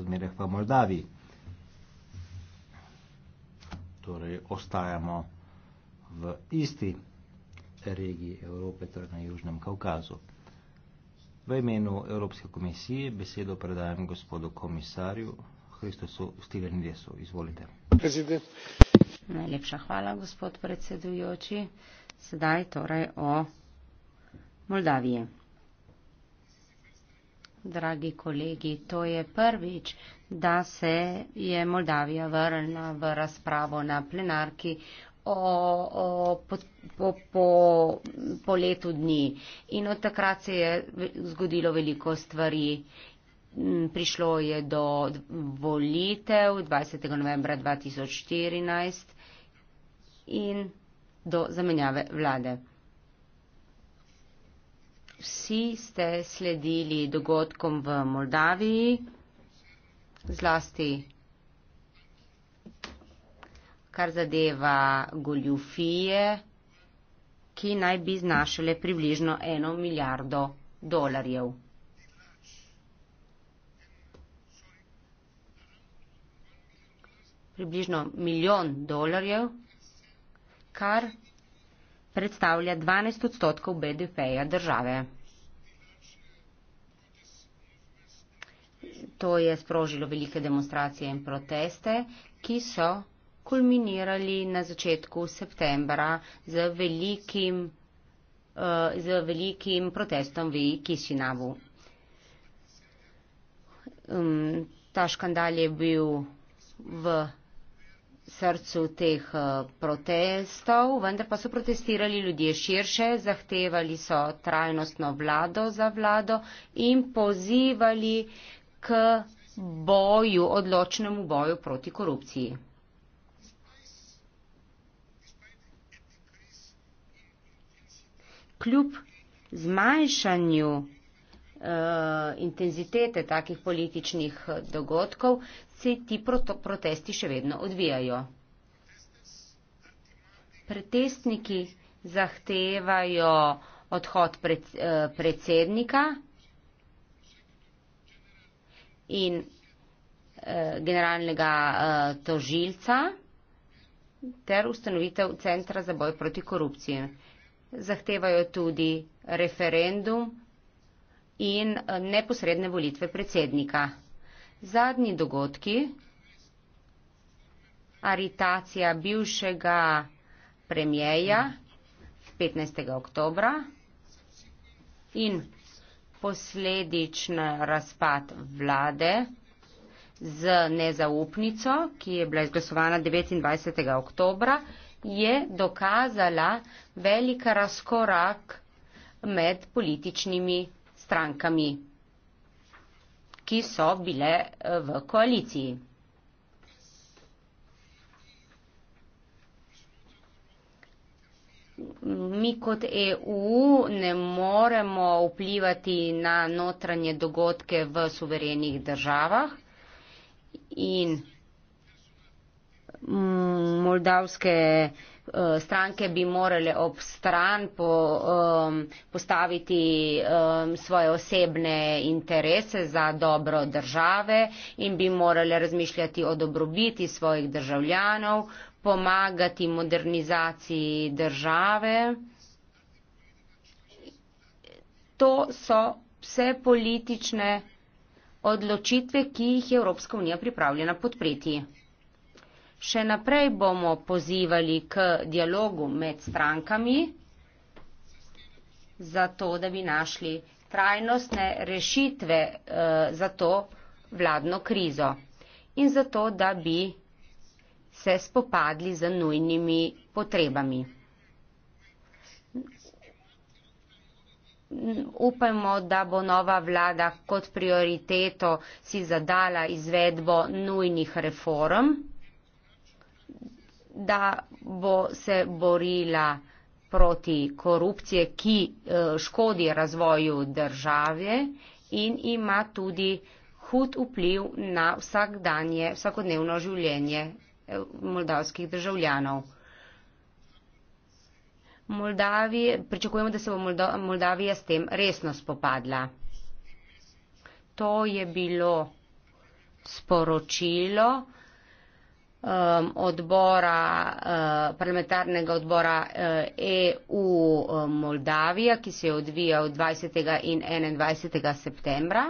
razmerah v Moldaviji. Torej, ostajamo v isti regiji Evrope, torej na Južnem Kaukazu. V imenu Evropske komisije besedo predajam gospodu komisarju Hristosu Stilenidesu. Izvolite. Prezident. Najlepša hvala, gospod predsedujoči. Sedaj torej o Moldaviji. Dragi kolegi, to je prvič, da se je Moldavija vrnila v razpravo na plenarki o, o, po, po, po, po letu dni. In od takrat se je zgodilo veliko stvari. Mm, prišlo je do volitev 20. novembra 2014 in do zamenjave vlade vsi ste sledili dogodkom v Moldaviji, zlasti kar zadeva goljufije, ki naj bi znašale približno eno milijardo dolarjev. Približno milijon dolarjev, kar predstavlja 12 odstotkov BDP-ja države. To je sprožilo velike demonstracije in proteste, ki so kulminirali na začetku septembra z velikim, uh, z velikim protestom v Kišinavu. Um, ta škandal je bil v srcu teh uh, protestov, vendar pa so protestirali ljudje širše, zahtevali so trajnostno vlado za vlado in pozivali k boju, odločnemu boju proti korupciji. Kljub zmanjšanju uh, intenzitete takih političnih dogodkov se ti proto, protesti še vedno odvijajo. Protestniki zahtevajo odhod pred, uh, predsednika in eh, generalnega eh, tožilca ter ustanovitev centra za boj proti korupciji. Zahtevajo tudi referendum in eh, neposredne volitve predsednika. Zadnji dogodki, aritacija bivšega premjeja 15. oktobra in posledično razpad vlade z nezaupnico, ki je bila izglasovana 29. oktobra, je dokazala velika razkorak med političnimi strankami, ki so bile eh, v koaliciji. mi kot EU ne moremo vplivati na notranje dogodke v suverenih državah in mm, moldavske eh, stranke bi morale ob stran po, um, postaviti um, svoje osebne interese za dobro države in bi morale razmišljati o dobrobiti svojih državljanov, pomagati modernizaciji države. To so vse politične odločitve, ki jih je Evropska unija pripravljena podpreti. Še naprej bomo pozivali k dialogu med strankami, zato da bi našli trajnostne rešitve eh, za to vladno krizo in zato da bi se spopadli z nujnimi potrebami. Upajmo, da bo nova vlada kot prioriteto si zadala izvedbo nujnih reform, da bo se borila proti korupcije, ki eh, škodi razvoju države in ima tudi hud vpliv na vsakdanje, vsakodnevno življenje moldavskih državljanov. Moldavi, pričakujemo, da se bo Moldo, Moldavija s tem resno spopadla. To je bilo sporočilo um, odbora, uh, parlamentarnega odbora uh, EU uh, Moldavija, ki se je odvijal 20. in 21. septembra.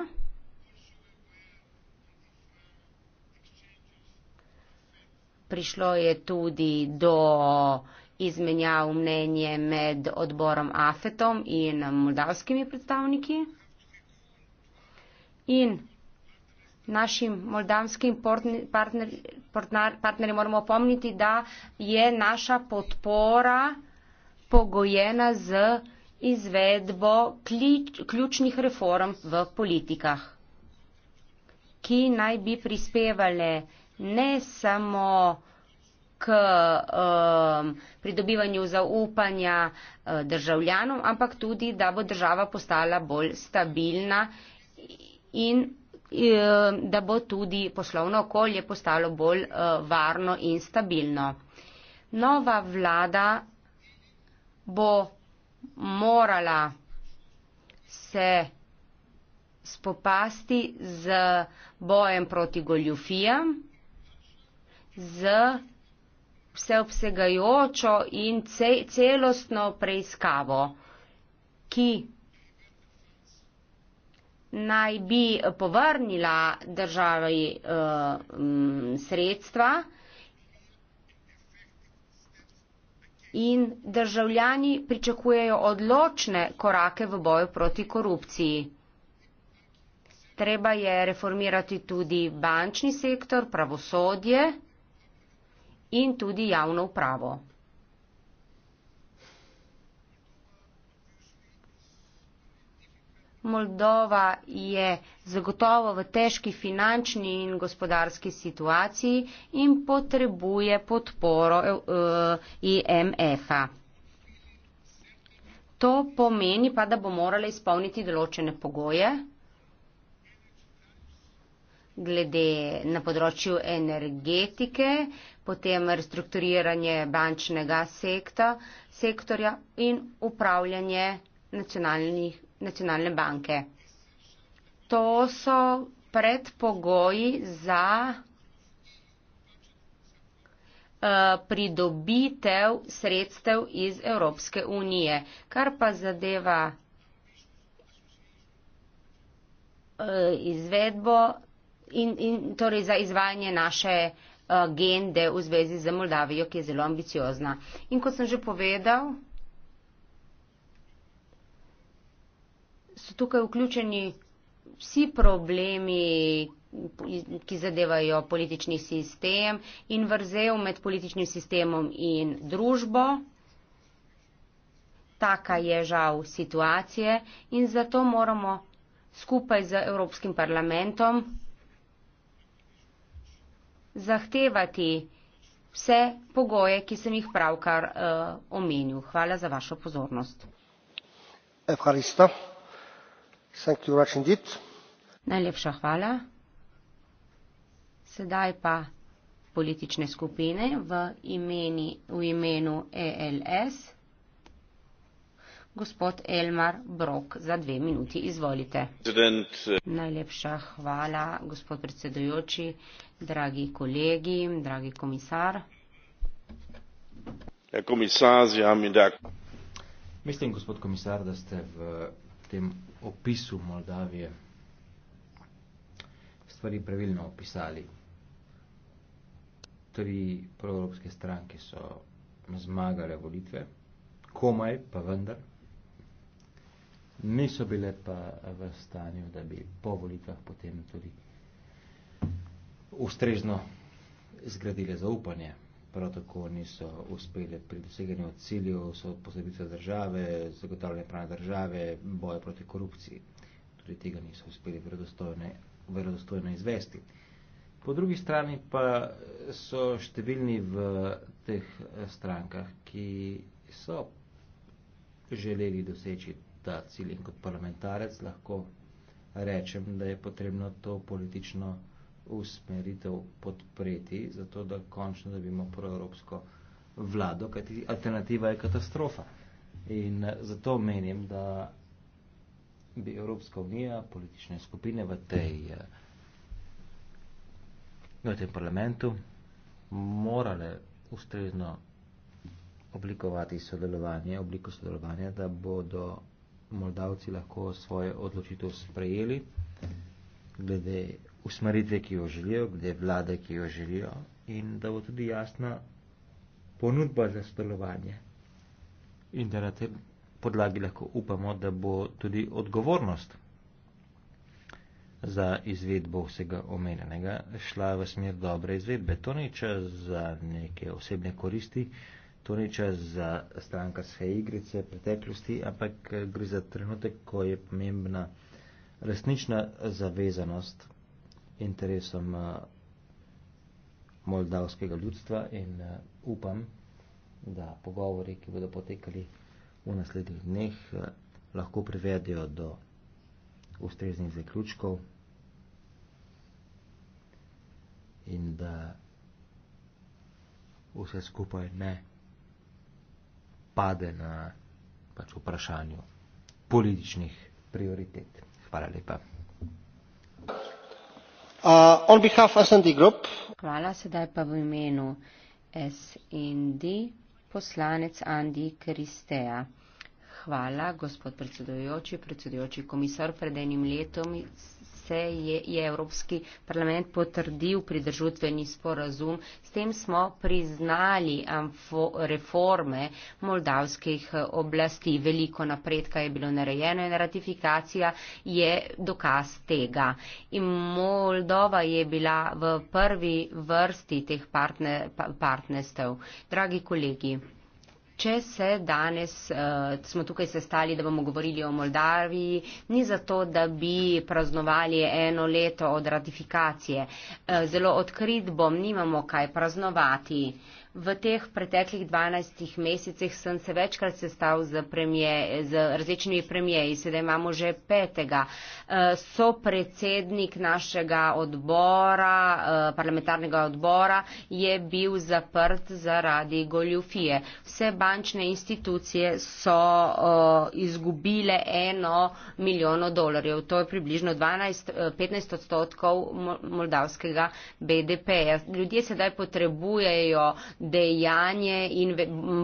prišlo je tudi do izmenjav mnenje med odborom AFET-om in moldavskimi predstavniki. In našim moldavskim partnerjem moramo opomniti, da je naša podpora pogojena z izvedbo ključnih reform v politikah, ki naj bi prispevale vsega, ne samo k uh, pridobivanju zaupanja uh, državljanom, ampak tudi, da bo država postala bolj stabilna in uh, da bo tudi poslovno okolje postalo bolj uh, varno in stabilno. Nova vlada bo morala se spopasti z bojem proti goljufijam z vseobsegajočo in celostno preiskavo, ki naj bi povrnila državi uh, sredstva in državljani pričakujejo odločne korake v boju proti korupciji. Treba je reformirati tudi bančni sektor, pravosodje in tudi javno upravo. Moldova je zagotovo v težki finančni in gospodarski situaciji in potrebuje podporo eh, IMF-a. To pomeni pa, da bo morala izpolniti določene pogoje glede na področju energetike, potem restrukturiranje bančnega sekta, sektorja in upravljanje nacionalne banke. To so predpogoji za eh, pridobitev sredstev iz Evropske unije. Kar pa zadeva eh, izvedbo in, in torej za izvajanje naše eh, agende v zvezi z Moldavijo, ki je zelo ambiciozna. In kot sem že povedal, so tukaj vključeni vsi problemi, ki zadevajo politični sistem in vrzel med političnim sistemom in družbo. Taka je žal situacija in zato moramo skupaj z Evropskim parlamentom zahtevati vse pogoje, ki sem jih pravkar uh, omenil. Hvala za vašo pozornost. Najlepša hvala. Sedaj pa politične skupine v, imeni, v imenu ELS. Gospod Elmar Brok, za dve minuti izvolite. Predsednik. Eh, Najlepša hvala, gospod predsedujoči dragi kolegi, dragi komisar. Ja, komisar, zjam in tako. Mislim, gospod komisar, da ste v tem opisu Moldavije stvari pravilno opisali. Tri proevropske stranke so zmagale volitve, komaj pa vendar. Niso bile pa v stanju, da bi po volitvah potem tudi ustrezno zgradile zaupanje. Prav tako niso uspeli pri doseganju ciljev, so posebice države, zagotavljanje pravne države, boje proti korupciji. Tudi tega niso uspeli verodostojno izvesti. Po drugi strani pa so številni v teh strankah, ki so želeli doseči ta cilj in kot parlamentarec lahko rečem, da je potrebno to politično usmeritev podpreti, zato da končno dobimo proevropsko vlado, kajti alternativa je katastrofa. In eh, zato menim, da bi Evropska unija, politične skupine v tej eh, v tem parlamentu morale ustrezno oblikovati sodelovanje, obliko sodelovanja, da bodo Moldavci lahko svoje odločitev sprejeli glede usmeritve, ki jo želijo, glede vlade, ki jo želijo in da bo tudi jasna ponudba za sodelovanje. In da na tej podlagi lahko upamo, da bo tudi odgovornost za izvedbo vsega omenjenega šla v smer dobre izvedbe. To ni čas za neke osebne koristi, to ni čas za strankarske igrice preteklosti, ampak gre za trenutek, ko je pomembna resnična zavezanost interesom eh, moldavskega ljudstva in eh, upam, da pogovori, ki bodo potekali v naslednjih dneh, eh, lahko privedijo do ustreznih zaključkov in da vse skupaj ne pade na pač vprašanju političnih prioritet. Hvala lepa. Uh, Hvala. Sedaj pa v imenu SND poslanec Andi Kristeja. Hvala, gospod predsedujoči, predsedujoči komisar, pred enim letom se je, je Evropski parlament potrdil pridržutveni sporazum. S tem smo priznali amfo, reforme moldavskih eh, oblasti. Veliko napredka je bilo narejeno in ratifikacija je dokaz tega. In Moldova je bila v prvi vrsti teh partne, partnestev. Dragi kolegi, Če se danes uh, smo tukaj sestali, da bomo govorili o Moldaviji, ni zato, da bi praznovali eno leto od ratifikacije. Uh, zelo odkrit bom, nimamo kaj praznovati. Uh, V teh preteklih 12 mesecih sem se večkrat sestal z, premije, z različnimi premijeji, sedaj imamo že petega. Eh, so predsednik našega odbora, eh, parlamentarnega odbora, je bil zaprt zaradi goljufije. Vse bančne institucije so eh, izgubile eno milijono dolarjev, to je približno 12-15 odstotkov moldavskega BDP-ja. Ljudje sedaj potrebujejo dejanje in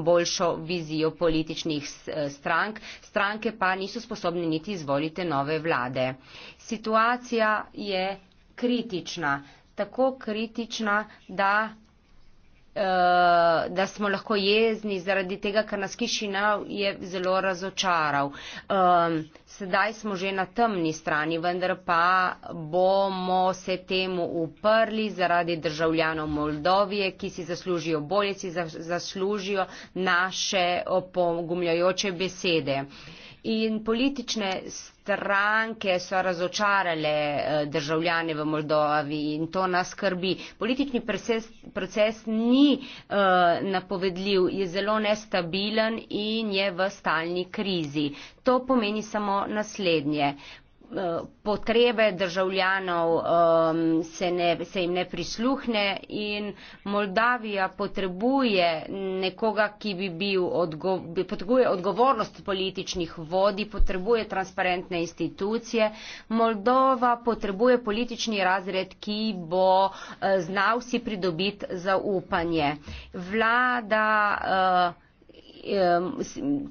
boljšo vizijo političnih strank. Stranke pa niso sposobne niti izvolite nove vlade. Situacija je kritična, tako kritična, da Eh, da smo lahko jezni zaradi tega, kar nas kišina je zelo razočaral. Sedaj smo že na temni strani, vendar pa bomo se temu uprli zaradi državljanov Moldovije, ki si zaslužijo bolje, si zaslužijo naše opogumljajoče besede. In politične stranke so razočarale eh, državljane v Moldovi in to nas skrbi. Politični proces, proces ni uh, napovedljiv, je zelo nestabilen in je v stalni krizi. To pomeni samo naslednje potrebe državljanov um, se, ne, se jim ne prisluhne in Moldavija potrebuje nekoga, ki bi bil odgo, potrebuje odgovornost političnih vodi, potrebuje transparentne institucije. Moldova potrebuje politični razred, ki bo uh, znal si pridobiti zaupanje. Vlada uh,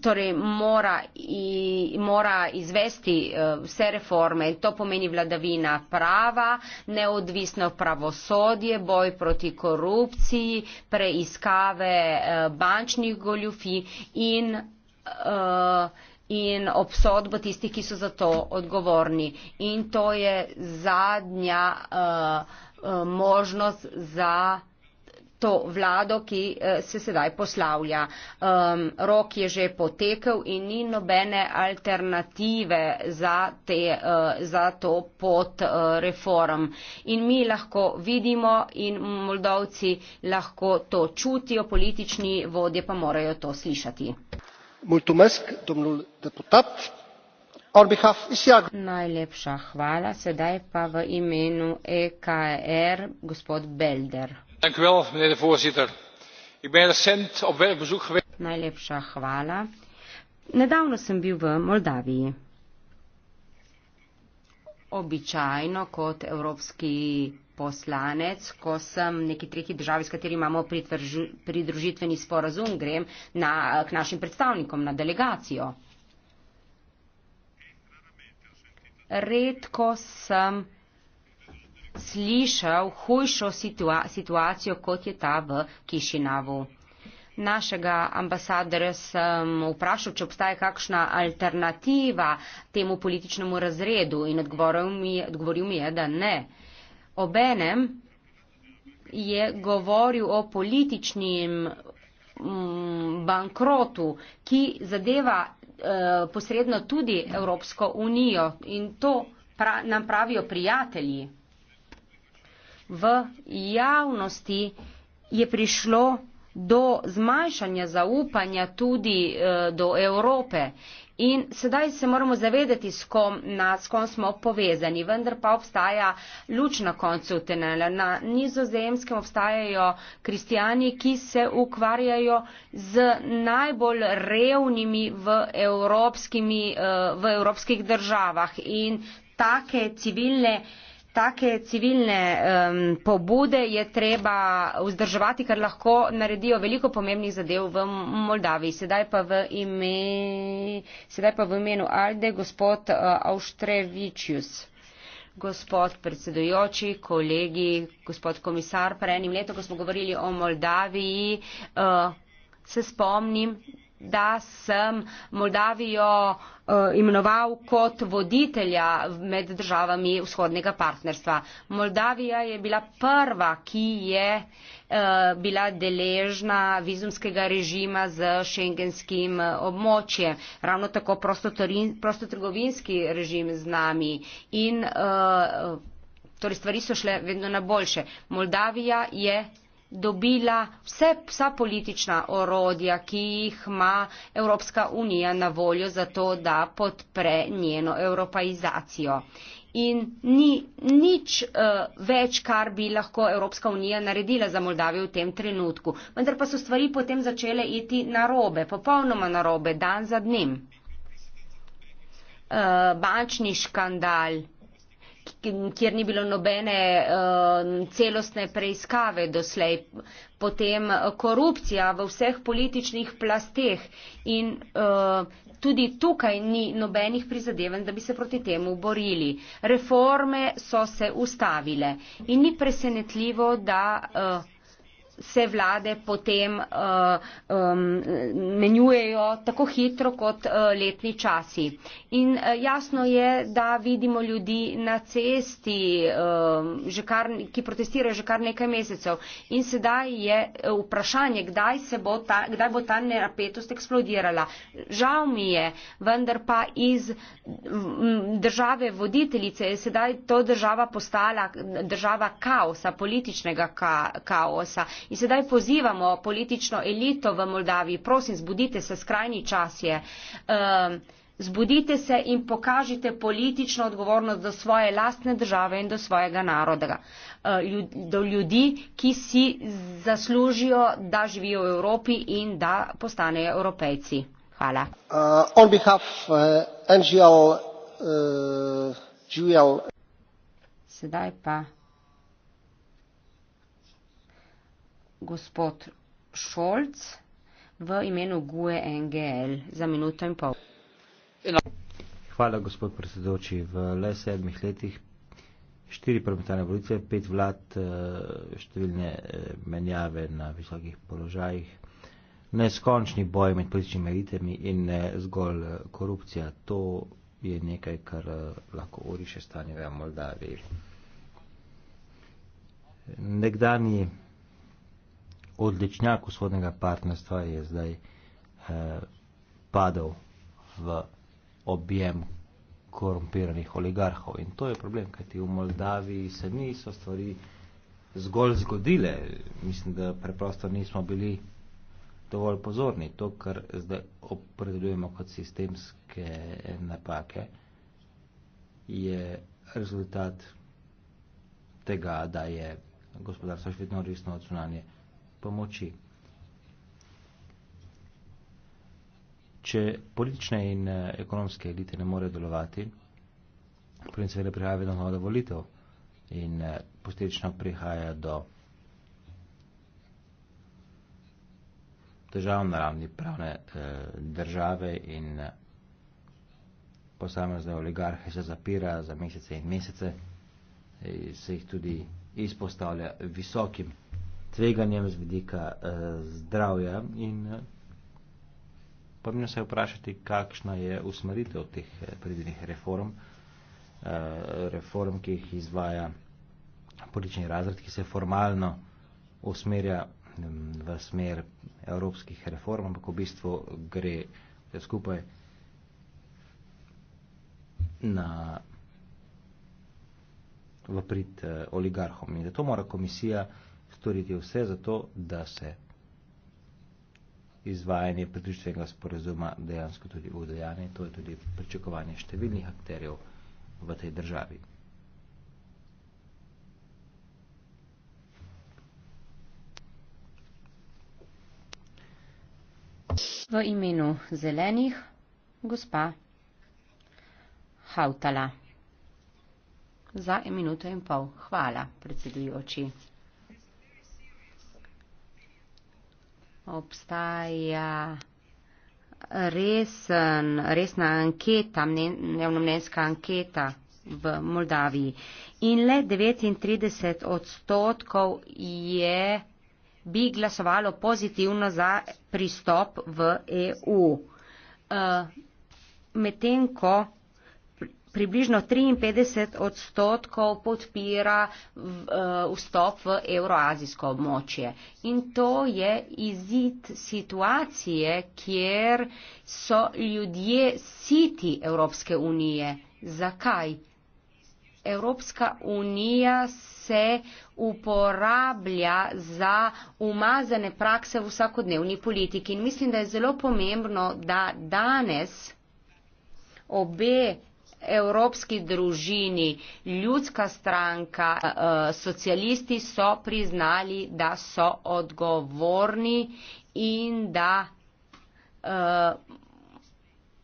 torej mora, mora izvesti vse reforme, to pomeni vladavina prava, neodvisno pravosodje, boj proti korupciji, preiskave bančnih goljufi in, in obsodbo tistih, ki so za to odgovorni. In to je zadnja možnost za to vlado, ki eh, se sedaj poslavlja. Um, rok je že potekel in ni nobene alternative za, te, uh, za to pot uh, reform. In mi lahko vidimo in Moldovci lahko to čutijo, politični vodje pa morajo to slišati. Najlepša hvala. Sedaj pa v imenu EKR gospod Belder najlepša hvala nedavno sem bil v moldaviji običajno kot evropski poslanec, ko sem neki tretji državi, s kateri imamo pridružitveni sporazum, grem na, k našim predstavnikom, na delegacijo. Redko sem slišal hujšo situa situacijo, kot je ta v Kišinavu. Našega ambasadora sem vprašal, če obstaja kakšna alternativa temu političnemu razredu in odgovoril mi je, odgovoril mi je da ne. Obenem je govoril o političnem mm, bankrotu, ki zadeva eh, posredno tudi Evropsko unijo in to pra nam pravijo prijatelji v javnosti je prišlo do zmanjšanja zaupanja tudi eh, do Evrope. In sedaj se moramo zavedati, s kom, na, s kom smo povezani, vendar pa obstaja luč na koncu tunela. Na nizozemskem obstajajo kristijani, ki se ukvarjajo z najbolj revnimi v, evropskimi, eh, v evropskih državah in take civilne take civilne um, pobude je treba vzdrževati, ker lahko naredijo veliko pomembnih zadev v Moldaviji. Sedaj pa v, ime, sedaj pa v imenu Alde gospod uh, eh, Austrevičius. Gospod predsedujoči, kolegi, gospod komisar, pred enim letom, ko smo govorili o Moldaviji, uh, se spomnim, da sem Moldavijo eh, imenoval kot voditelja med državami vzhodnega partnerstva. Moldavija je bila prva, ki je eh, bila deležna vizumskega režima z šengenskim eh, območjem, ravno tako prostotrgovinski režim z nami in torej stvari so šle vedno na boljše. Moldavija je dobila vse, vsa politična orodja, ki jih ima Evropska unija na voljo za to, da podpre njeno evropaizacijo. In ni nič uh, več, kar bi lahko Evropska unija naredila za Moldavijo v tem trenutku. Vendar pa so stvari potem začele iti narobe, popolnoma narobe, dan za dnem. Uh, bančni škandal, kjer ni bilo nobene uh, celostne preiskave doslej, potem eh, korupcija v vseh političnih plasteh in uh, tudi tukaj ni nobenih prizadevanj, da bi se proti temu borili. Reforme so se ustavile in ni presenetljivo, da uh, se vlade potem uh, um, menjujejo tako hitro kot uh, letni časi. In uh, jasno je, da vidimo ljudi na cesti, uh, kar, ki protestirajo že kar nekaj mesecev. In sedaj je uh, vprašanje, kdaj, bo ta, kdaj bo ta napetost eksplodirala. Žal mi je, vendar pa iz države voditeljice je sedaj to država postala država kaosa, političnega ka, kaosa. In sedaj pozivamo politično elito v Moldaviji, prosim, zbudite se, skrajni čas je. Ehm, zbudite se in pokažite politično odgovornost do svoje lastne države in do svojega naroda, e, do ljudi, ki si zaslužijo, da živijo v Evropi in da postanejo evropejci. Hvala. Uh, NGL, uh, Sedaj pa. gospod Šolc v imenu GUE NGL za minuto in pol. Hvala, gospod predsedoči. V le sedmih letih štiri parlamentarne volitve, pet vlad, eh, številne eh, menjave na visokih položajih, neskončni boj med političnimi elitami in ne eh, zgolj korupcija. To je nekaj, kar lahko uriše stanje v Moldaviji. Nekdani odličnjak vzhodnega partnerstva je zdaj eh, padel v objem korumpiranih oligarhov. In to je problem, kajti v Moldaviji se niso stvari zgolj zgodile. Mislim, da preprosto nismo bili dovolj pozorni. To, kar zdaj opredeljujemo kot sistemske napake, je rezultat tega, da je gospodarstvo še vedno odvisno od zunanje eh, pomoči. Če politične in eh, ekonomske elite ne morejo delovati, potem seveda prihaja vedno nova volitev in eh, posledično prihaja do težav na ravni pravne e, države in posamezne oligarhe se zapira za mesece in mesece, se jih tudi izpostavlja visokim tveganjem z vidika eh, zdravja in eh, pomembno se je vprašati, kakšna je usmeritev teh eh, predvidenih reform, eh, reform, ki jih izvaja politični razred, ki se formalno usmerja mm, v smer evropskih reform, ampak v bistvu gre vse skupaj na vprit eh, oligarhom. In zato mora komisija storiti vse za to, da se izvajanje pritličnega sporazuma dejansko tudi vdajanje. To je tudi pričakovanje številnih akterjev v tej državi. V imenu zelenih, gospa Hautala. Za minuto in pol. Hvala, predsedujoči. obstaja resen, resna anketa, javnomnenska anketa v Moldaviji. In le 39 odstotkov je, bi glasovalo pozitivno za pristop v EU. Uh, eh, medtem ko približno triinpetdeset odstotkov podpira e, vstop v euroazijsko območje. In to je izid situacije, kjer so ljudje siti Evropske unije. Zakaj? Evropska unija se uporablja za umazane prakse v vsakodnevni politiki in mislim, da je zelo pomembno, da danes obe evropski družini, ljudska stranka, eh, socialisti so priznali, da so odgovorni in da eh,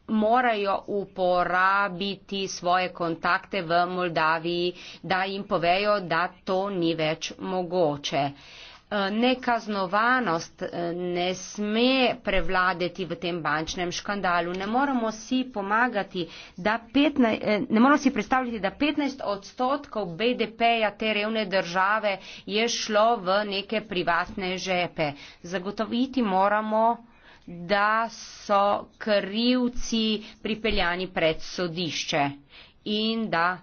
morajo uporabiti svoje kontakte v Moldaviji, da jim povejo, da to ni več mogoče. Eh, nekaznovanost eh, ne sme prevladeti v tem bančnem škandalu. Ne moramo si pomagati, da 15, eh, ne moramo si predstavljati, da 15 odstotkov BDP-ja te revne države je šlo v neke privatne žepe. Zagotoviti moramo da so krivci pripeljani pred sodišče in da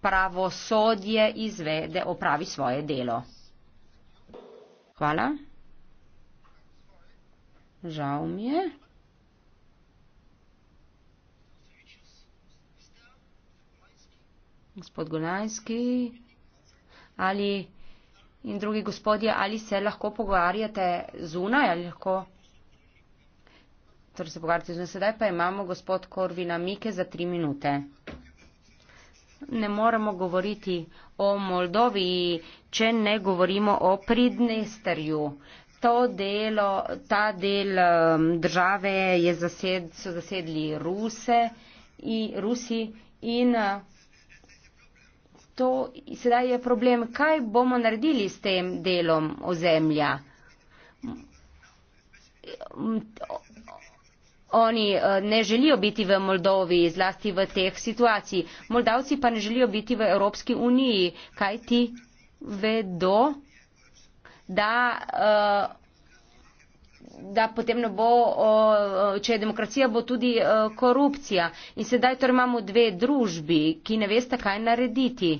pravosodje izvede opravi svoje delo. Hvala. Žal mi je. Gospod Gulanski ali in drugi gospodje, ali se lahko pogovarjate zunaj ali lahko. Torej se pogovarjate zunaj. Sedaj pa imamo gospod Korvina Mike za tri minute ne moremo govoriti o Moldovi, če ne govorimo o Pridnesterju. To delo, ta del um, države je zased, so zasedli Ruse in Rusi in uh, to sedaj je problem, kaj bomo naredili s tem delom ozemlja oni eh, ne želijo biti v Moldovi, zlasti v teh situacijah. Moldavci pa ne želijo biti v Evropski uniji, kaj ti vedo, da, eh, da potem ne bo, eh, če je demokracija, bo tudi korupcija. In sedaj torej imamo dve družbi, ki ne veste, kaj narediti.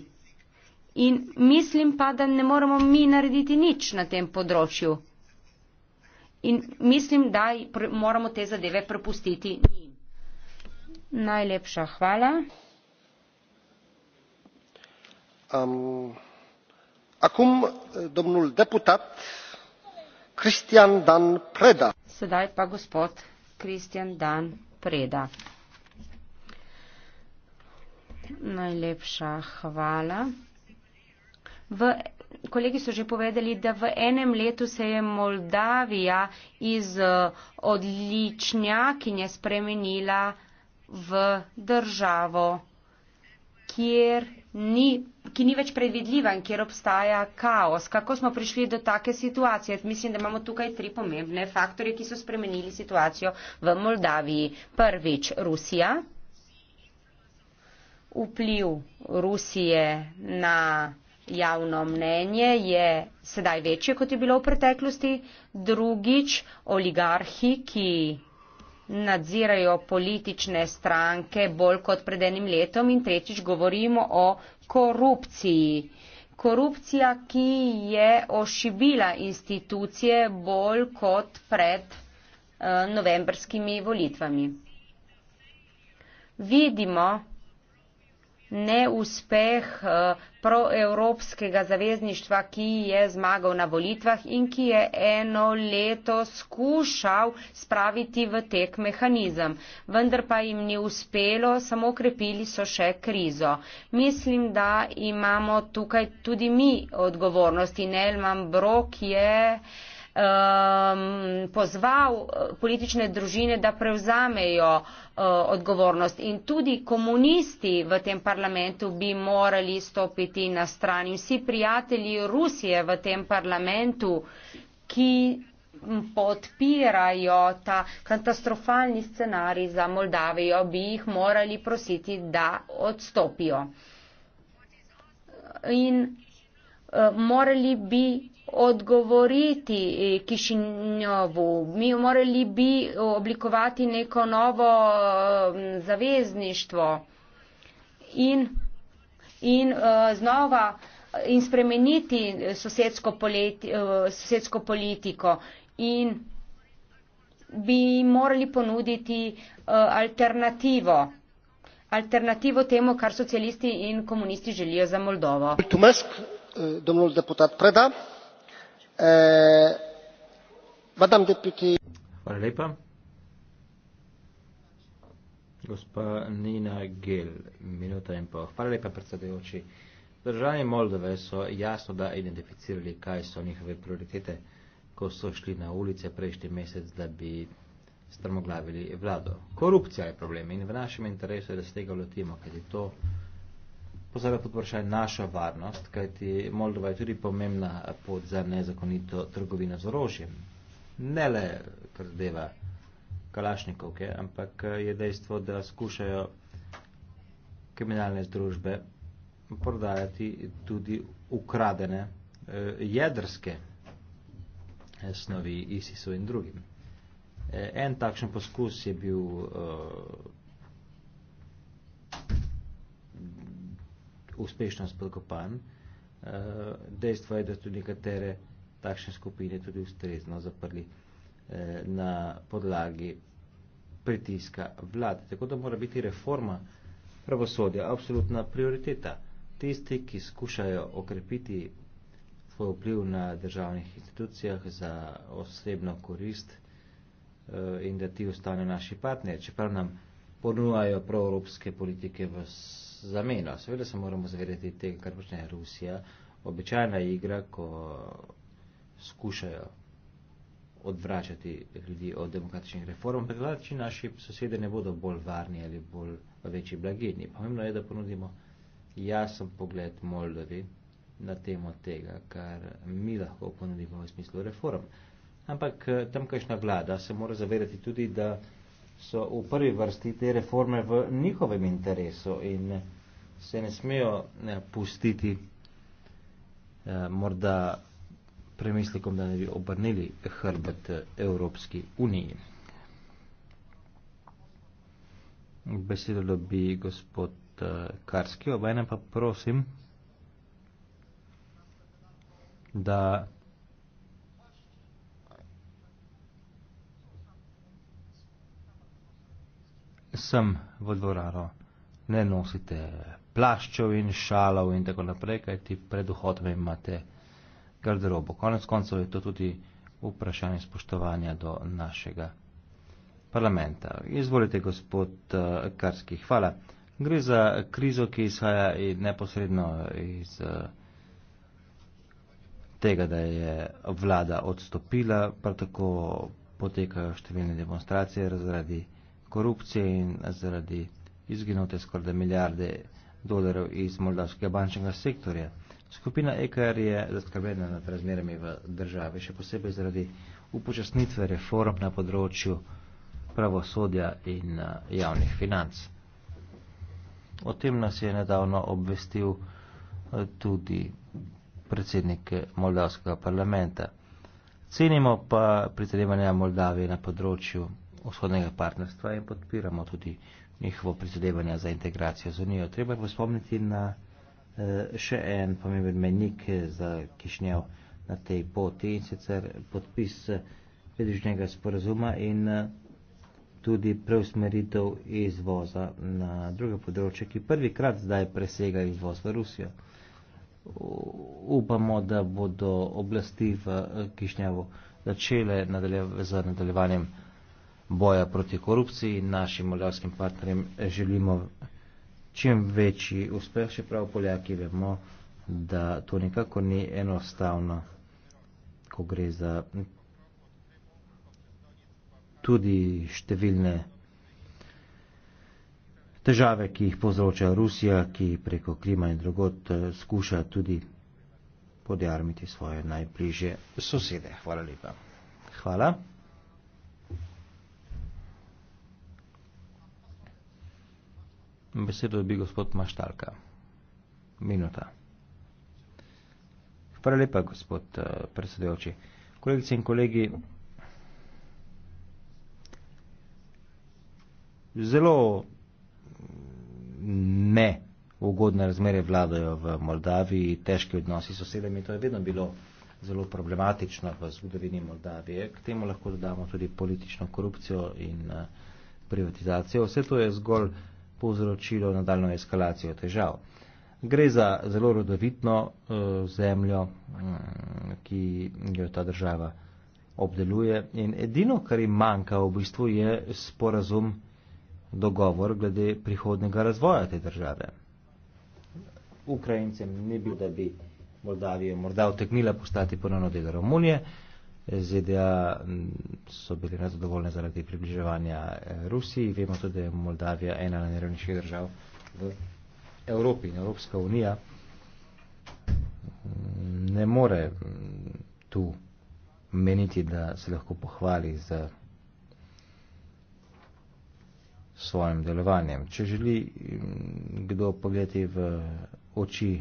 In mislim pa, da ne moremo mi narediti nič na tem področju. In mislim, da moramo te zadeve prepustiti njim. Najlepša hvala. Um, akum, domnul deputat, Kristjan Dan Preda. Sedaj pa gospod Kristjan Dan Preda. Najlepša hvala. V, kolegi so že povedali, da v enem letu se je Moldavija iz eh, odličnjakinje spremenila v državo, kjer ni, ki ni več predvidljiva in kjer obstaja kaos. Kako smo prišli do take situacije? Mislim, da imamo tukaj tri pomembne faktore, ki so spremenili situacijo v Moldaviji. Prvič, Rusija. Vpliv Rusije na javno mnenje je sedaj večje, kot je bilo v preteklosti. Drugič, oligarhi, ki nadzirajo politične stranke bolj kot pred enim letom. In tretjič, govorimo o korupciji. Korupcija, ki je ošibila institucije bolj kot pred eh, novembrskimi volitvami. Vidimo, neuspeh eh, proevropskega zavezništva, ki je zmagal na volitvah in ki je eno leto skušal spraviti v tek mehanizem. Vendar pa jim ni uspelo, samo krepili so še krizo. Mislim, da imamo tukaj tudi mi odgovornosti. Nelman Brok je um, pozval uh, politične družine, da prevzamejo uh, odgovornost. In tudi komunisti v tem parlamentu bi morali stopiti na stran. In vsi prijatelji Rusije v tem parlamentu, ki podpirajo ta katastrofalni scenarij za Moldavijo, bi jih morali prositi, da odstopijo. In uh, morali bi odgovoriti eh, Kišinjovu. Mi morali bi oblikovati neko novo eh, zavezništvo in, in eh, znova in spremeniti sosedsko, politi, sosedsko politiko in bi morali ponuditi alternativo. Alternativo temu, kar socialisti in komunisti želijo za Moldovo. Tumesk, domnul deputat Preda. Eh, Hvala lepa. Gospa Nina Gel, minuta in pol. Hvala lepa, predsedujoči. Državljani Moldove so jasno da identificirali, kaj so njihove prioritete, ko so šli na ulice prejšnji mesec, da bi strmoglavili vlado. Korupcija je problem in v našem interesu je, da se tega lotimo, ker je to Posebej pod vprašanje naša varnost, kajti Moldova je tudi pomembna pot za nezakonito trgovino z orožjem. Ne le, kar zadeva kalašnikovke, ampak eh, je dejstvo, da skušajo kriminalne združbe prodajati tudi ukradene eh, jedrske eh, snovi ISIS-u in drugim. En takšen poskus je bil uspešno spodkopan. Eh, dejstvo je, da so nekatere takšne skupine tudi ustrezno zaprli eh, na podlagi pritiska vlade. Tako da mora biti reforma pravosodja absolutna prioriteta. Tisti, ki skušajo okrepiti svoj vpliv na državnih institucijah za osebno korist eh, in da ti ostanejo naši partnerji, čeprav nam ponujajo proevropske politike v zameno. Seveda se moramo zavedati tega, kar počne Rusija. Običajna igra, ko skušajo odvračati ljudi od demokratičnih reform, pa gledati, če naši sosede ne bodo bolj varni ali bolj v večji blagini. Pomembno je, da ponudimo jasen pogled Moldovi na temo tega, kar mi lahko ponudimo v smislu reform. Ampak eh, tamkajšnja vlada se mora zavedati tudi, da so v prvi vrsti te reforme v njihovem interesu in se ne smejo ne, pustiti eh, morda premislikom, da ne bi obrnili hrbet Evropski uniji. Besedo dobi gospod eh, Karski, obajne pa prosim, da sem v dvorano, ne nosite plaščev in šalov in tako naprej, kaj ti pred vhodom imate garderobo. Konec koncev je to tudi vprašanje spoštovanja do našega parlamenta. Izvolite, gospod eh, Karski, hvala. Gre za krizo, ki izhaja neposredno iz eh, tega, da je vlada odstopila, prav tako potekajo številne demonstracije razredi korupcije in zaradi izginote skorda milijarde dolarjev iz moldavskega bančnega sektorja. Skupina EKR je zaskrbljena nad razmerami v državi, še posebej zaradi upočasnitve reform na področju pravosodja in eh, javnih financ. O tem nas je nedavno obvestil eh, tudi predsednik eh, Moldavskega parlamenta. Cenimo pa prizadevanja Moldavije na področju vzhodnega partnerstva in podpiramo tudi njihovo prizadevanje za integracijo z Unijo. Treba pa spomniti na eh, še en pomemben menik eh, za Kišnjev na tej poti in sicer podpis bližnjega eh, sporazuma in tudi preusmeritev izvoza na druge področje, ki prvi krat zdaj presega izvoz v Rusijo. Upamo, da bodo oblasti v Kišnjavu začele nadaljev, z nadaljevanjem boja proti korupciji. Našim moljavskim partnerjem želimo čim večji uspeh, še prav Poljaki vemo, da to nekako ni enostavno, ko gre za tudi številne težave, ki jih povzroča Rusija, ki preko Krima in drugot eh, skuša tudi podjarmiti svoje najbližje sosede. Hvala lepa. Hvala. Besedo dobi gospod Maštalka. Minuta. Hvala lepa, gospod uh, predsedujoči. Kolegice in kolegi, zelo ne ugodne razmere vladajo v Moldaviji, težki odnosi s sosedami, to je vedno bilo zelo problematično v zgodovini Moldavije. K temu lahko dodamo tudi politično korupcijo in uh, privatizacijo. Vse to je zgolj uh, povzročilo nadaljno eskalacijo težav. Gre za zelo rodovitno uh, zemljo, uh, ki jo ta država obdeluje in edino, kar jim manjka v bistvu, je sporazum, dogovor glede prihodnega razvoja te države. Ukrajincem ni bil, da bi Moldavijo morda oteknila postati ponovno del Romunije, uh, ZDA mm, so bile nezadovoljne zaradi približevanja eh, Rusiji. Vemo tudi, da je Moldavija ena najrevnejših držav v Evropi in Evropska unija mm, ne more mm, tu meniti, da se lahko pohvali z svojim delovanjem. Če želi kdo pogledati v oči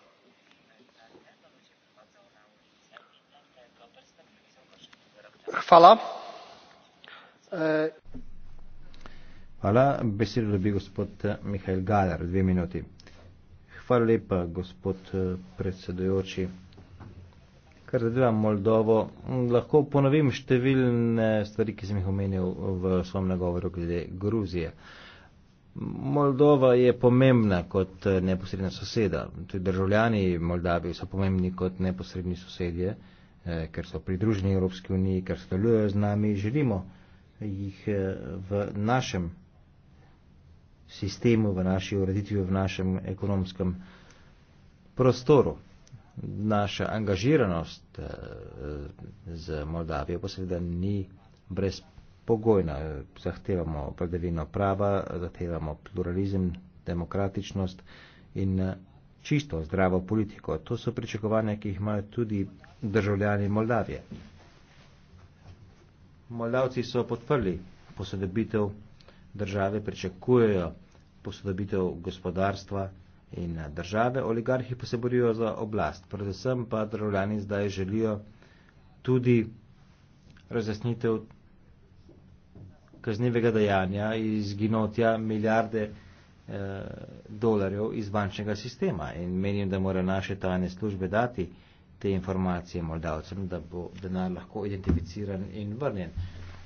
Hvala. Besedo dobi gospod eh, Mihajl Galer, dve minuti. Hvala lepa, gospod eh, predsedujoči. Kar zadeva Moldovo, lahko ponovim številne stvari, ki sem jih omenil v svojem nagovoru glede Gruzije. Moldova je pomembna kot eh, neposredna soseda. Tudi državljani Moldavije so pomembni kot neposredni sosedje. Eh, ker so pridruženi Evropski uniji, ker sodelujejo z nami, želimo jih eh, v našem sistemu, v naši ureditvi, v našem ekonomskem prostoru. Naša angažiranost eh, z Moldavijo posebej ni brezpogojna. Zahtevamo predavino prava, zahtevamo pluralizem, demokratičnost in čisto zdravo politiko. To so pričakovanja, ki jih imajo tudi državljani Moldavije. Moldavci so podprli posodobitev države, pričakujejo posodobitev gospodarstva in države. Oligarhi pa se borijo za oblast. Predvsem pa državljani zdaj želijo tudi razjasnitev kaznivega dejanja izginotja milijarde. Eh, dolarjev iz bančnega sistema in menim, da morajo naše tajne službe dati te informacije moldavcem, da bo denar lahko identificiran in vrnjen.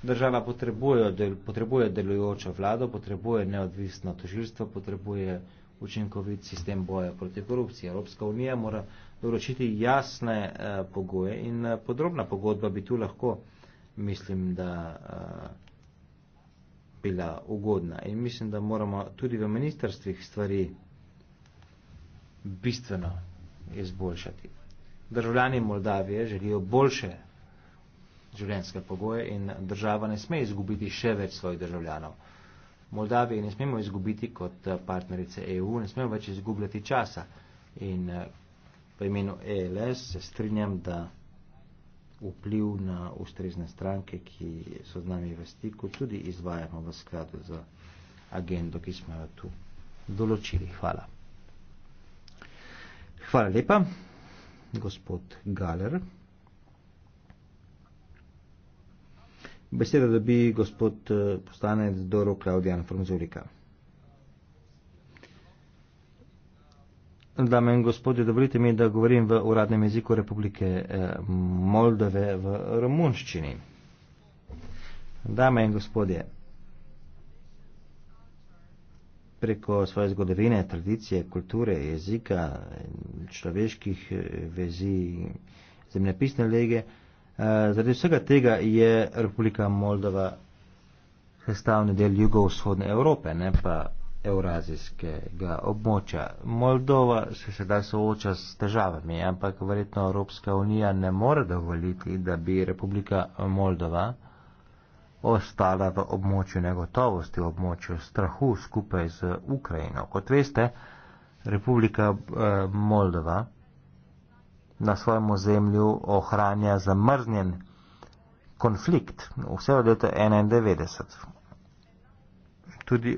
Država potrebuje, del, potrebuje delujočo vlado, potrebuje neodvisno tožilstvo, potrebuje učinkovit sistem boja proti korupciji. Evropska unija mora določiti jasne uh, pogoje in uh, podrobna pogodba bi tu lahko, mislim, da uh, bila ugodna. In mislim, da moramo tudi v ministrstvih stvari bistveno izboljšati. Državljani Moldavije želijo boljše življenjske pogoje in država ne sme izgubiti še več svojih državljanov. Moldavije ne smemo izgubiti kot partnerice EU, ne smemo več izgubljati časa. In v imenu ELS se strinjam, da vpliv na ustrezne stranke, ki so z nami v stiku, tudi izvajamo v skladu za agendo, ki smo jo tu določili. Hvala. Hvala lepa, gospod Galer. Beseda dobi gospod eh, poslanec Doro Klaudijan Fronzulika. Poštovane dame in gospodje, dovolite mi, da govorim v uradnem jeziku Republike eh, Moldove v romunščini. Dame in gospodje, preko svoje zgodovine, tradicije, kulture, jezika, človeških eh, vezi, zemljepisne lege, eh, zaradi vsega tega je Republika Moldova sestavni del jugovzhodne Evrope, ne pa evrazijskega območja. Moldova se sedaj sooča s težavami, ampak verjetno Evropska unija ne more dovoliti, da bi Republika Moldova ostala v območju negotovosti, v območju strahu skupaj z Ukrajino. Kot veste, Republika eh, Moldova na svojem ozemlju ohranja zamrznjen konflikt vse od leta 1991. Tudi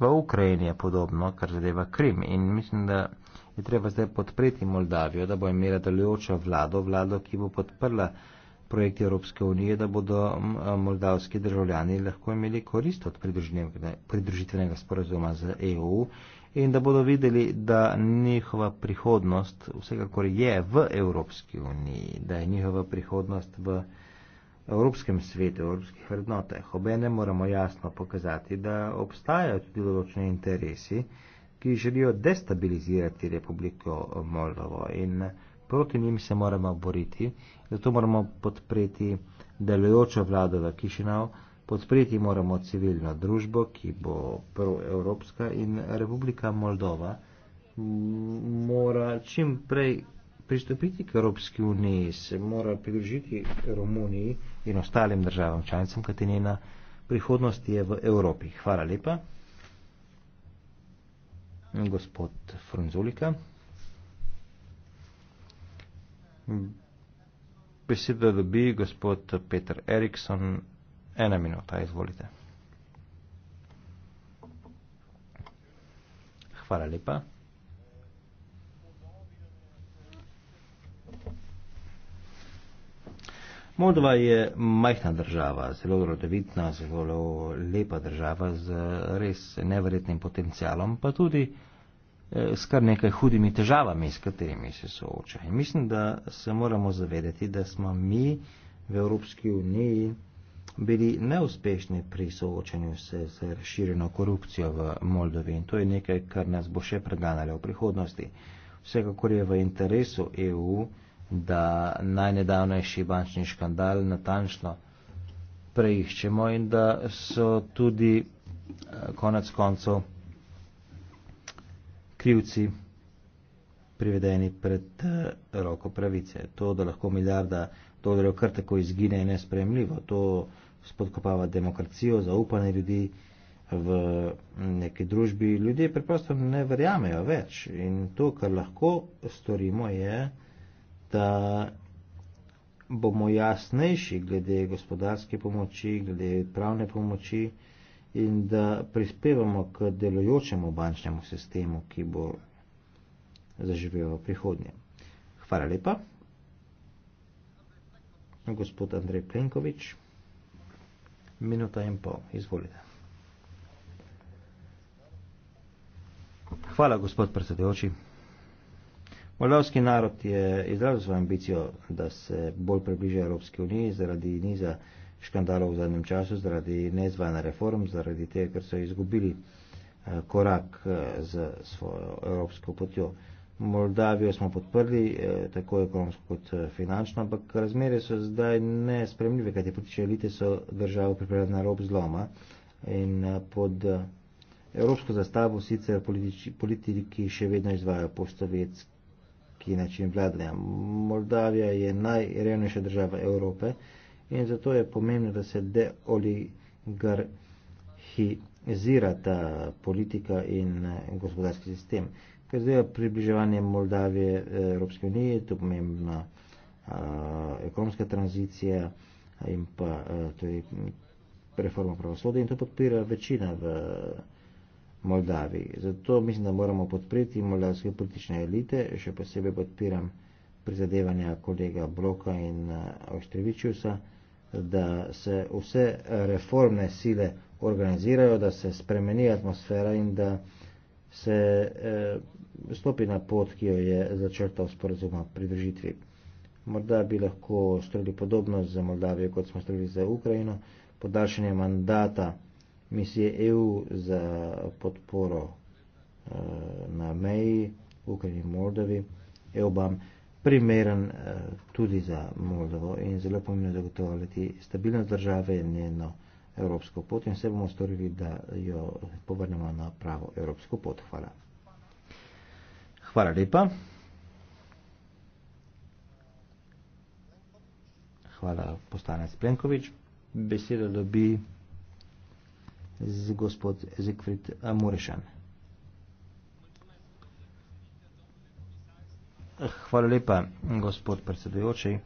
v Ukrajini je podobno, kar zadeva Krim. In mislim, da je treba zdaj podpreti Moldavijo, da bo imela delujočo vlado, vlado, ki bo podprla projekt Evropske unije, da bodo moldavski državljani lahko imeli korist od pridružitvenega sporazuma z EU in da bodo videli, da njihova prihodnost vsekakor je v Evropski uniji, da je njihova prihodnost v Evropski uniji evropskem svetu, evropskih vrednotah. Obene moramo jasno pokazati, da obstajajo tudi določene interesi, ki želijo destabilizirati Republiko Moldovo in proti njim se moramo boriti, zato moramo podpreti delujočo vlado v Kišinav, podpreti moramo civilno družbo, ki bo proevropska in Republika Moldova mora čim prej pristopiti k Evropski uniji, se mora približiti Romuniji in ostalim državam članicam, kajti njena prihodnost je v Evropi. Hvala lepa. Gospod Frunzulika. Beseda dobi gospod Peter Eriksson. Ena minuta, izvolite. Hvala lepa. Moldova je majhna država, zelo rodovitna, zelo lepa država z res neverjetnim potencialom, pa tudi eh, s kar nekaj hudimi težavami, s katerimi se sooča. In mislim, da se moramo zavedati, da smo mi v Evropski uniji bili neuspešni pri soočanju se z razširjeno korupcijo v Moldovi in to je nekaj, kar nas bo še preganjalo v prihodnosti. Vsekakor je v interesu EU, da najnedavnejši bančni škandal natančno preiščemo in da so tudi eh, konec koncev krivci privedeni pred eh, roko pravice. To, da lahko milijarda dolarjev kar tako izgine, je nespremljivo. To spodkopava demokracijo, zaupanje ljudi v neki družbi. Ljudje preprosto ne verjamejo več in to, kar lahko storimo, je da bomo jasnejši glede gospodarske pomoči, glede pravne pomoči in da prispevamo k delujočemu bančnemu sistemu, ki bo zaživel v prihodnje. Hvala lepa. Gospod Andrej Plenkovič, minuta in pol, izvolite. Hvala, gospod predsedujoči. Moldavski narod je izrazil svojo ambicijo, da se bolj približa Evropski uniji zaradi niza škandalov v zadnjem času, zaradi neizvajanja reform, zaradi tega, ker so izgubili eh, korak eh, z svojo evropsko potjo. Moldavijo smo podprli, eh, tako ekonomsko kot finančno, ampak razmere so zdaj nespremljive, kajti politične elite so državo pripravljene na rob zloma in pod evropsko zastavo sicer politiki še vedno izvajajo postovetski taki način vladanja. Moldavija je najrevnejša država Evrope in zato je pomembno, da se deoligarhizira ta politika in eh, gospodarski sistem. Ker zdaj je približevanje Moldavije eh, Evropske unije, to je pomembna eh, ekonomska tranzicija in pa a, to je reforma pravosodja in to podpira večina v a, Moldaviji. Zato mislim, da moramo podpreti moldavske politične elite, še posebej podpiram prizadevanja kolega Bloka in eh, Oštrevičusa, da se vse reformne sile organizirajo, da se spremeni atmosfera in da se eh, stopi na pot, ki jo je začrtal sporozum o pridružitvi. Morda bi lahko storili podobno za Moldavijo, kot smo storili za Ukrajino, podaljšanje mandata misije EU za podporo e, na meji v Ukrajini in Moldavi, EUBAM, primeren e, tudi za Moldavo in zelo pomembno je zagotovljati stabilnost države in njeno evropsko pot in vse bomo storili, da jo povrnemo na pravo evropsko pot. Hvala. Hvala lepa. Hvala, poslanec Plenković. Besedo dobi. Bi z gospod Zekfrid Murešan. Hvala lepa, gospod predsedujoči,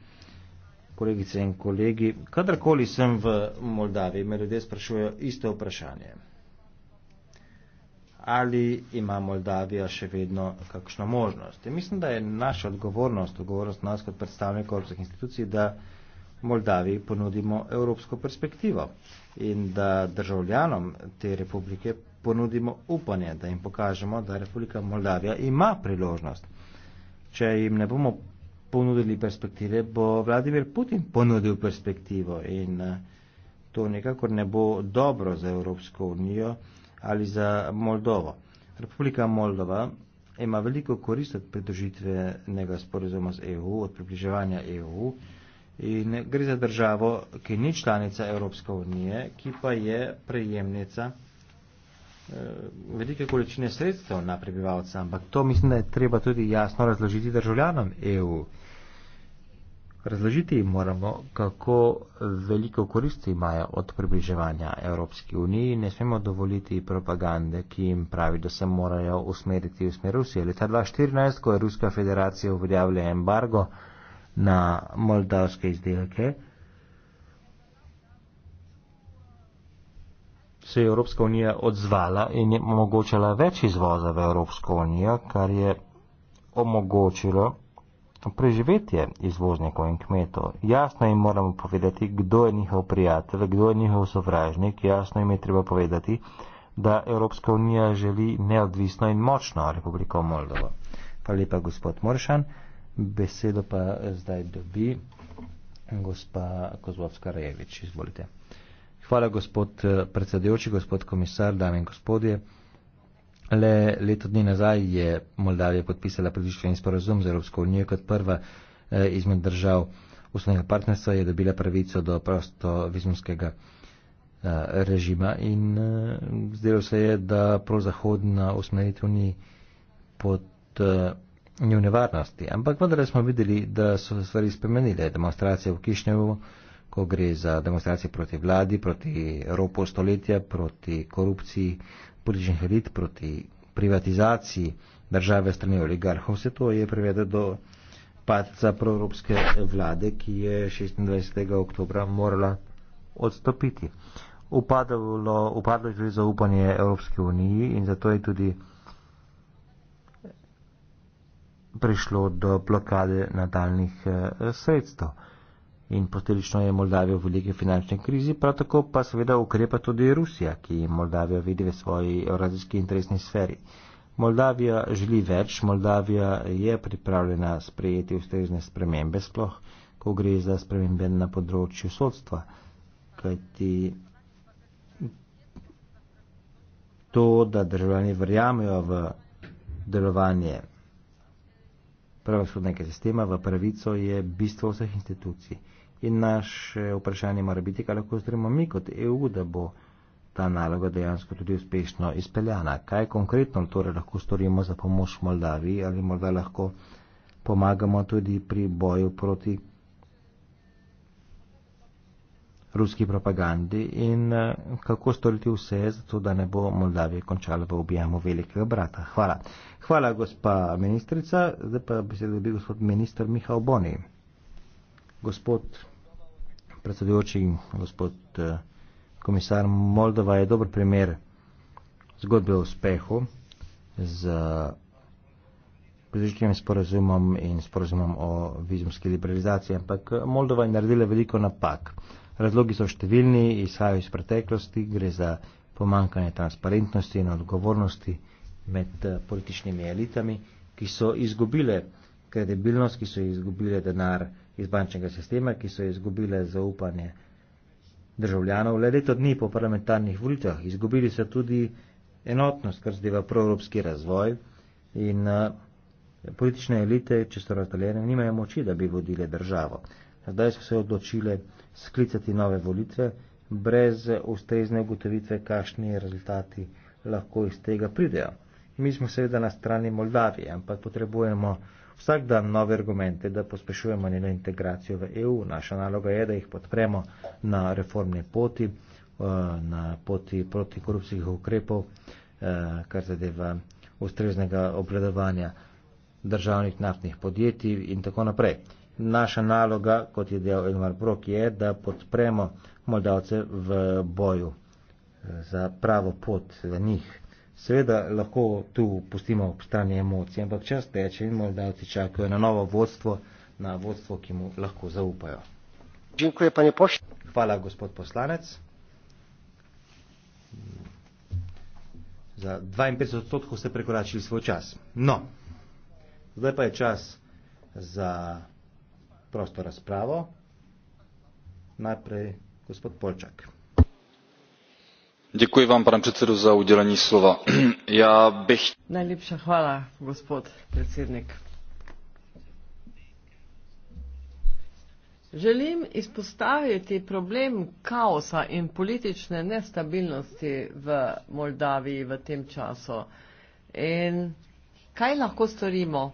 kolegice in kolegi. Kadarkoli sem v Moldavi, me ljudje sprašujejo isto vprašanje. Ali ima Moldavija še vedno kakšno možnost? In mislim, da je naša odgovornost, odgovornost nas kot predstavnikov evropskih institucij, da Moldaviji ponudimo evropsko perspektivo in da državljanom te republike ponudimo upanje, da jim pokažemo, da Republika Moldavija ima priložnost. Če jim ne bomo ponudili perspektive, bo Vladimir Putin ponudil perspektivo in eh, to nekako ne bo dobro za Evropsko unijo ali za Moldovo. Republika Moldova ima veliko korist od pridružitvenega sporozuma z EU, od približevanja EU. In gre za državo, ki ni članica Evropske unije, ki pa je prejemnica eh, velike količine sredstev na prebivalca, ampak to mislim, da je treba tudi jasno razložiti državljanom EU. Razložiti jim moramo, kako veliko koristi imajo od približevanja Evropski uniji. Ne smemo dovoliti propagande, ki jim pravi, da se morajo usmeriti v smer Rusije. Leta 2014, ko je Ruska federacija uveljavila embargo, na moldavske izdelke. Se je Evropska unija odzvala in je omogočala več izvoza v Evropsko unijo, kar je omogočilo preživetje izvoznikov in kmetov. Jasno jim moramo povedati, kdo je njihov prijatelj, kdo je njihov sovražnik, jasno jim je treba povedati, da Evropska unija želi neodvisno in močno Republiko Moldova. Hvala lepa, gospod Moršan. Besedo pa zdaj dobi gospa Kozlovska-Rejevič. Izvolite. Hvala, gospod eh, predsedujoči, gospod komisar, dame in gospodje. Le leto dni nazaj je Moldavija podpisala predvišljeni sporozum z Evropsko unijo kot prva eh, izmed držav ustanega partnerstva, je dobila pravico do prosto vizumskega eh, režima in zdelo se je, da prozahodna usmeritev ni pod ni v nevarnosti. Ampak vendar smo videli, da so se stvari spremenile. Demonstracije v Kišnevu, ko gre za demonstracije proti vladi, proti ropo stoletja, proti korupciji političnih elit, proti privatizaciji države strani oligarhov, vse to je privedlo do padca proevropske vlade, ki je 26. oktober morala odstopiti. Upadlo, upadlo je tudi zaupanje Evropske unije in zato je tudi prišlo do blokade nadaljnih eh, sredstev. In posledično je Moldavija v veliki finančni krizi, prav tako pa seveda ukrepa tudi Rusija, ki Moldavijo vidi v svoji evrazijski interesni sferi. Moldavija želi več, Moldavija je pripravljena sprejeti ustrezne spremembe, sploh ko gre za spremembe na področju sodstva. Kajti to, da državljani verjamejo v delovanje pravosodnega sistema v pravico je bistvo vseh institucij. In naše vprašanje mora biti, kaj lahko zdremo mi kot EU, da bo ta naloga dejansko tudi uspešno izpeljana. Kaj konkretno torej lahko storimo za pomoč Moldaviji ali morda lahko pomagamo tudi pri boju proti ruski propagandi in eh, kako storiti vse, zato da ne bo Moldavija končala v objemu velikega brata. Hvala. Hvala, gospa ministrica. Zdaj pa besedo dobi gospod minister Mihael Boni. Gospod predsedujoči, gospod eh, komisar, Moldova je dober primer zgodbe o uspehu z pridružitvenim sporazumom in sporazumom o vizumski liberalizaciji, ampak Moldova je naredila veliko napak. Razlogi so številni, izhajajo iz preteklosti, gre za pomankanje transparentnosti in odgovornosti med eh, političnimi elitami, ki so izgubile kredibilnost, ki so izgubile denar iz bančnega sistema, ki so izgubile zaupanje državljanov. Le leto dni po parlamentarnih volitvah izgubili so tudi enotnost, kar zdeva proevropski razvoj in uh, politične elite, če so razdaljene, nimajo moči, da bi vodile državo. Zdaj so se odločile sklicati nove volitve, brez ustrezne ugotovitve, kakšni rezultati lahko iz tega pridejo. Mi smo seveda na strani Moldavije, ampak potrebujemo vsak dan nove argumente, da pospešujemo njeno integracijo v EU. Naša naloga je, da jih podpremo na reformni poti, eh, na poti proti korupcijskih ukrepov, eh, kar zadeva ustreznega obledovanja državnih naftnih podjetij in tako naprej naša naloga, kot je del Elmar Brok, je, da podpremo moldavce v boju eh, za pravo pot za njih. Seveda lahko tu pustimo ob strani emocije, ampak čas teče in moldavci čakajo na novo vodstvo, na vodstvo, ki mu lahko zaupajo. Hvala, gospod poslanec. Za 52 odstotkov ste prekoračili svoj čas. No, zdaj pa je čas za prosto razpravo. Najprej gospod Polčak. Děkuji vám, pane předsedu, za udělení slova. Já bych... Najlepša hvala, gospod predsednik. Želim izpostaviti problem kaosa in politične nestabilnosti v Moldaviji v tem času. In kaj lahko storimo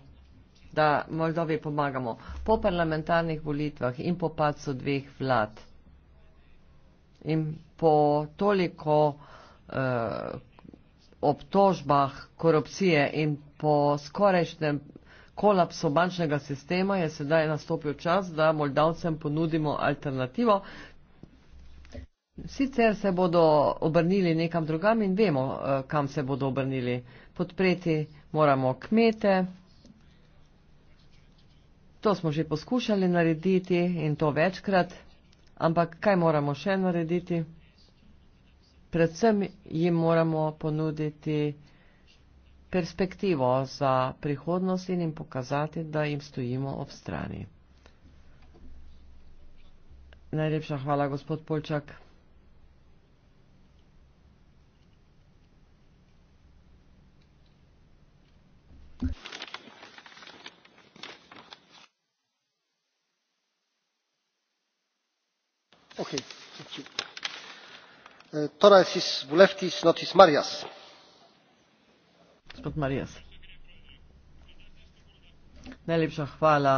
da Moldovi pomagamo. Po parlamentarnih volitvah in po pacu dveh vlad in po toliko eh, obtožbah korupcije in po skorajšnjem kolapsu bančnega sistema je sedaj nastopil čas, da Moldavcem ponudimo alternativo. Sicer se bodo obrnili nekam drugam in vemo, eh, kam se bodo obrnili. Podpreti moramo kmete. To smo že poskušali narediti in to večkrat, ampak kaj moramo še narediti? Predvsem jim moramo ponuditi perspektivo za prihodnost in jim pokazati, da jim stojimo ob strani. Najlepša hvala, gospod Polčak. Thank you. Uh, gospod Marias. Najlepša hvala.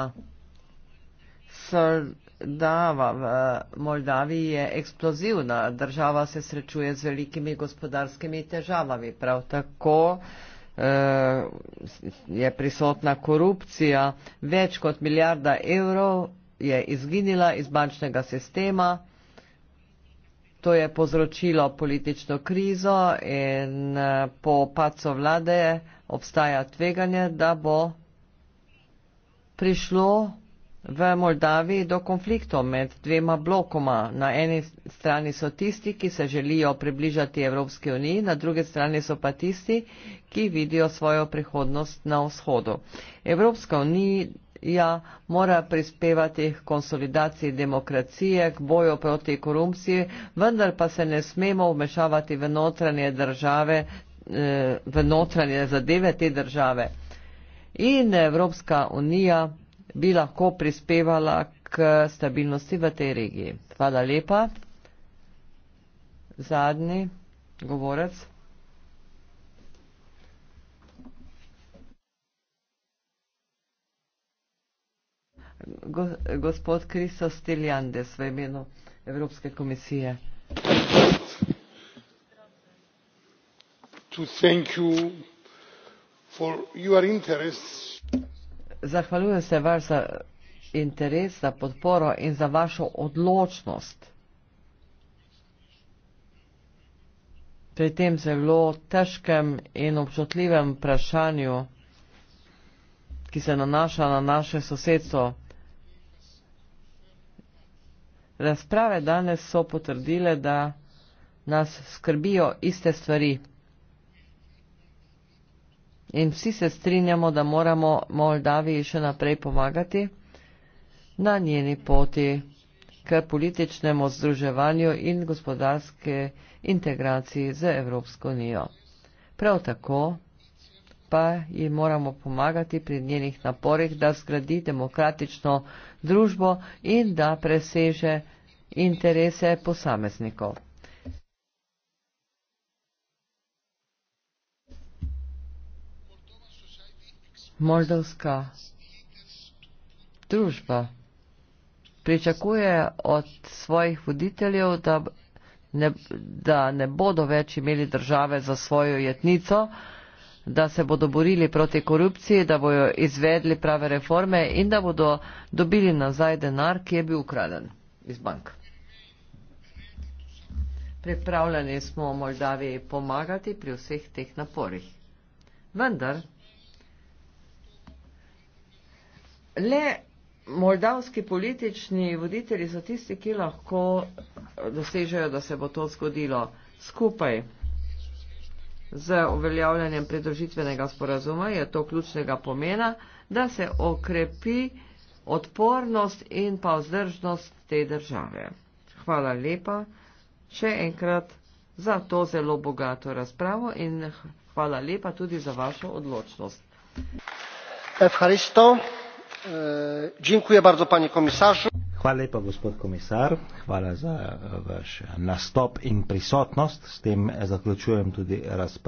Srdava v Moldaviji je eksplozivna. Država se srečuje z velikimi gospodarskimi težavami. Prav tako eh, je prisotna korupcija. Več kot milijarda evrov je izginila iz bančnega sistema. To je povzročilo politično krizo in eh, po paco vlade obstaja tveganje, da bo prišlo v Moldaviji do konfliktov med dvema blokoma. Na eni strani so tisti, ki se želijo približati Evropski uniji, na drugi strani so pa tisti, ki vidijo svojo prihodnost na vzhodu. Evropska unija ja, mora prispevati k konsolidaciji demokracije, k boju proti korupciji, vendar pa se ne smemo vmešavati v notranje države, eh, v notranje zadeve te države. In Evropska unija bi lahko prispevala k stabilnosti v tej regiji. Hvala lepa. Zadnji govorec. Go, gospod Krisos Tiljandes v imenu Evropske komisije. Zahvaljujem se vam za interes, za podporo in za vašo odločnost. Pri tem zelo težkem in občutljivem vprašanju, ki se nanaša na naše sosedstvo. Razprave danes so potrdile, da nas skrbijo iste stvari. In vsi se strinjamo, da moramo Moldaviji še naprej pomagati na njeni poti k političnemu združevanju in gospodarske integraciji z Evropsko unijo. Prav tako pa ji moramo pomagati pri njenih naporih, da zgradi demokratično družbo in da preseže interese posameznikov. Moldovska družba pričakuje od svojih voditeljev, da ne, da ne bodo več imeli države za svojo jetnico, da se bodo borili proti korupciji, da bojo izvedli prave reforme in da bodo dobili nazaj denar, ki je bil ukraden iz bank. Pripravljeni smo v Moldaviji pomagati pri vseh teh naporih. Vendar le moldavski politični voditelji so tisti, ki lahko dosežejo, da se bo to zgodilo skupaj. Z uveljavljanjem pridružitvenega sporazuma je to ključnega pomena, da se okrepi odpornost in pa vzdržnost te države. Hvala lepa še enkrat za to zelo bogato razpravo in hvala lepa tudi za vašo odločnost. Evharisto, e, dziękuję bardzo panie komisarzu. Hvala lepa, gospod komisar. Hvala za eh, vaš eh, nastop in prisotnost. S tem eh, zaključujem tudi razpravo.